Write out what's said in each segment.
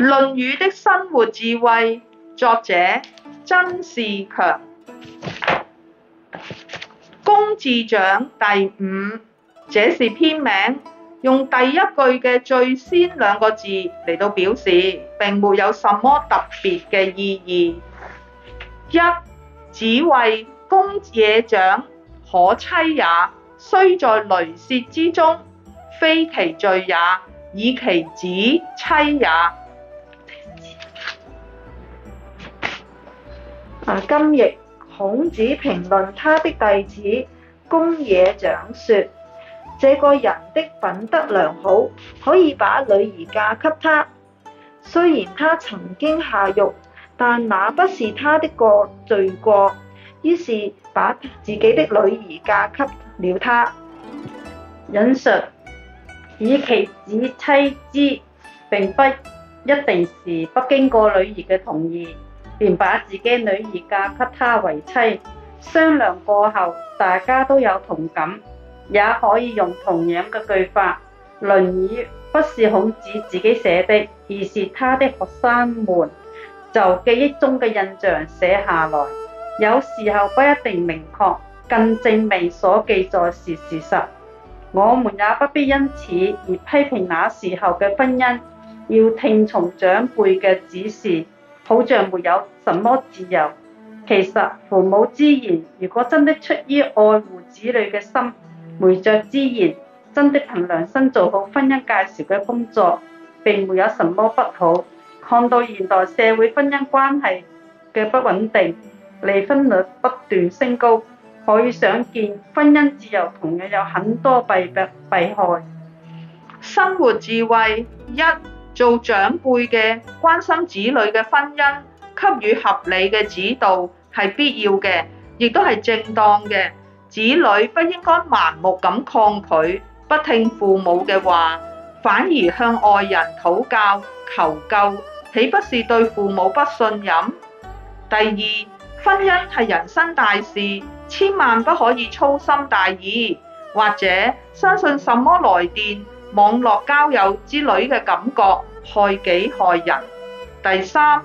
《論語》的生活智慧，作者曾仕強。公冶長第五，這是篇名，用第一句嘅最先兩個字嚟到表示，並沒有什麼特別嘅意義。一子謂公冶長可妻也，雖在縲絏之中，非其罪也，以其子妻也。今日孔子評論他的弟子公冶長說：這個人的品德良好，可以把女兒嫁給他。雖然他曾經下獄，但那不是他的過罪過。於是把自己的女兒嫁給了他。引述以其子妻之，並不一定是不經過女兒嘅同意。便把自己女兒嫁給他為妻。商量過後，大家都有同感，也可以用同樣嘅句法。《論語》不是孔子自己寫的，而是他的學生們就記憶中嘅印象寫下來。有時候不一定明確，更證明所記載是事，事實。我們也不必因此而批評那時候嘅婚姻，要聽從長輩嘅指示。好像沒有什麼自由，其實父母之言，如果真的出於愛護子女嘅心，媒妁之言，真的憑良心做好婚姻介紹嘅工作，並沒有什麼不好。看到現代社會婚姻關係嘅不穩定，離婚率不斷升高，可以想見，婚姻自由同樣有很多弊弊害。生活智慧一。做長輩嘅關心子女嘅婚姻，給予合理嘅指導係必要嘅，亦都係正當嘅。子女不應該盲目咁抗拒，不聽父母嘅話，反而向外人討教求救，豈不是對父母不信任？第二，婚姻係人生大事，千萬不可以粗心大意，或者相信什麼來電、網絡交友之類嘅感覺。害己害人。第三，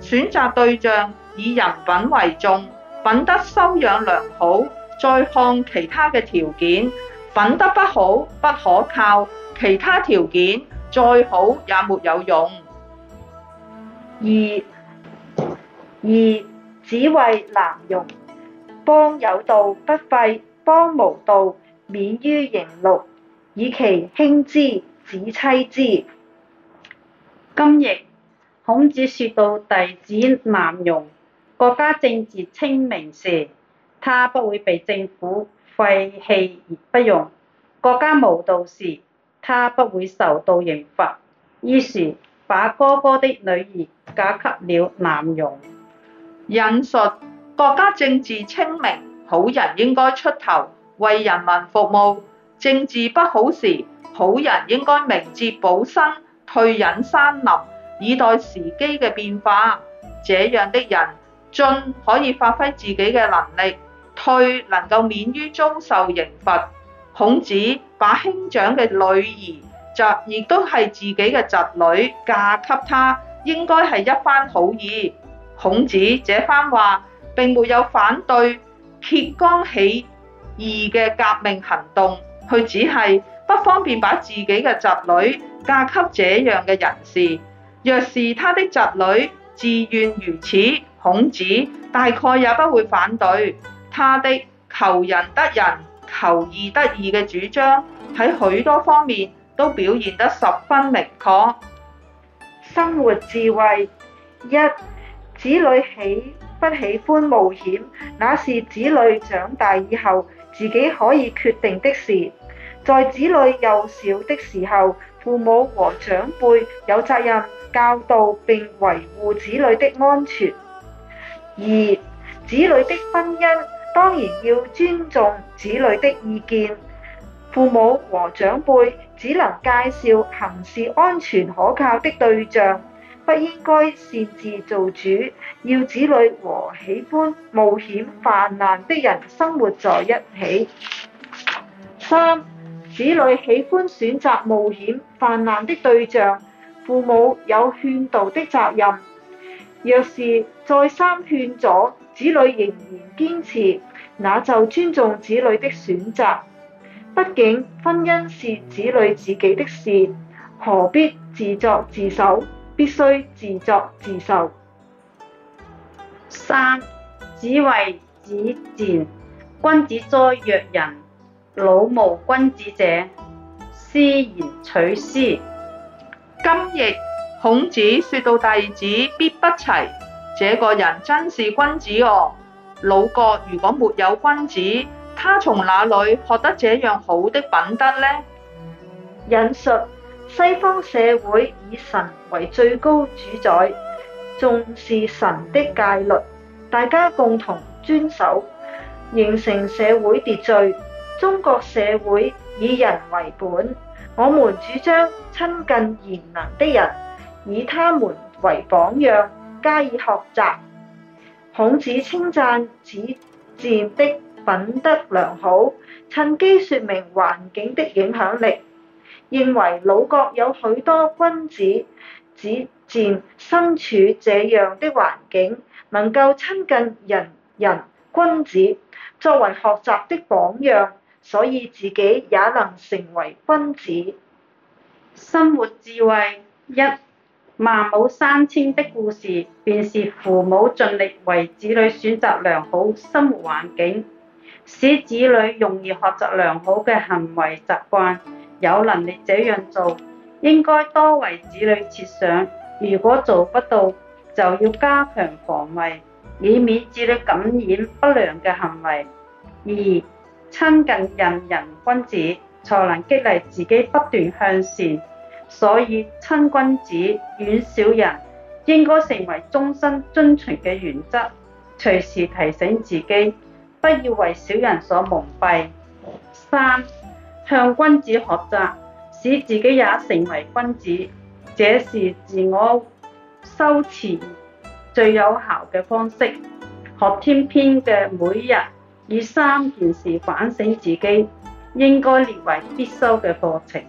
選擇對象以人品為重，品德修養良好，再看其他嘅條件。品德不好，不可靠，其他條件再好也沒有用。二，子謂南容，邦有道不廢，邦無道免於刑戮，以其兄之子妻之。今日孔子說到弟子南容，國家政治清明時，他不會被政府廢棄而不用；國家無道時，他不會受到刑罰。於是把哥哥的女兒嫁給了南容。引述國家政治清明，好人應該出頭為人民服務；政治不好時，好人應該明哲保身。退隱山林，以待時機嘅變化。這樣的人，進可以發揮自己嘅能力，退能夠免於遭受刑罰，孔子把兄長嘅女兒就亦都係自己嘅侄女嫁給他，應該係一番好意。孔子這番話並沒有反對揭竿起義嘅革命行動，佢只係。不方便把自己嘅侄女嫁給這樣嘅人士，若是他的侄女自願如此，孔子大概也不會反對。他的求仁得仁、求義得義嘅主張喺許多方面都表現得十分明確。生活智慧一，子女喜不喜歡冒險，那是子女長大以後自己可以決定的事。在子女幼小的時候，父母和長輩有責任教導並維護子女的安全。二、子女的婚姻當然要尊重子女的意見，父母和長輩只能介紹行事安全可靠的對象，不應該擅自做主，要子女和喜歡冒險犯難的人生活在一起。三子女喜歡選擇冒險犯難的對象，父母有勸導的責任。若是再三勸阻，子女仍然堅持，那就尊重子女的選擇。畢竟婚姻是子女自己的事，何必自作自受？必須自作自受。三，子謂子賤，君子哉若人。魯無君子者，斯焉取斯。今日孔子説到弟子必不齊，這個人真是君子哦。魯國如果沒有君子，他從哪裏學得這樣好的品德呢？引述西方社會以神為最高主宰，重視神的戒律，大家共同遵守，形成社會秩序。中國社會以人為本，我們主張親近賢能的人，以他們為榜樣加以學習。孔子稱讚子賤的品德良好，趁機說明環境的影響力，認為魯國有許多君子，子賤身處這樣的環境，能夠親近人人君子，作為學習的榜樣。所以自己也能成為君子。生活智慧，一，孟母三遷的故事，便是父母盡力為子女選擇良好生活環境，使子女容易學習良好嘅行為習慣，有能力這樣做，應該多為子女設想。如果做不到，就要加強防衞，以免子女感染不良嘅行為。二，親近仁人君子，才能激勵自己不斷向善。所以，親君子，遠小人，應該成為終身遵循嘅原則，隨時提醒自己，不要為小人所蒙蔽。三，向君子學習，使自己也成為君子，這是自我修持最有效嘅方式。學天篇嘅每日。以三件事反省自己，應該列為必修嘅課程。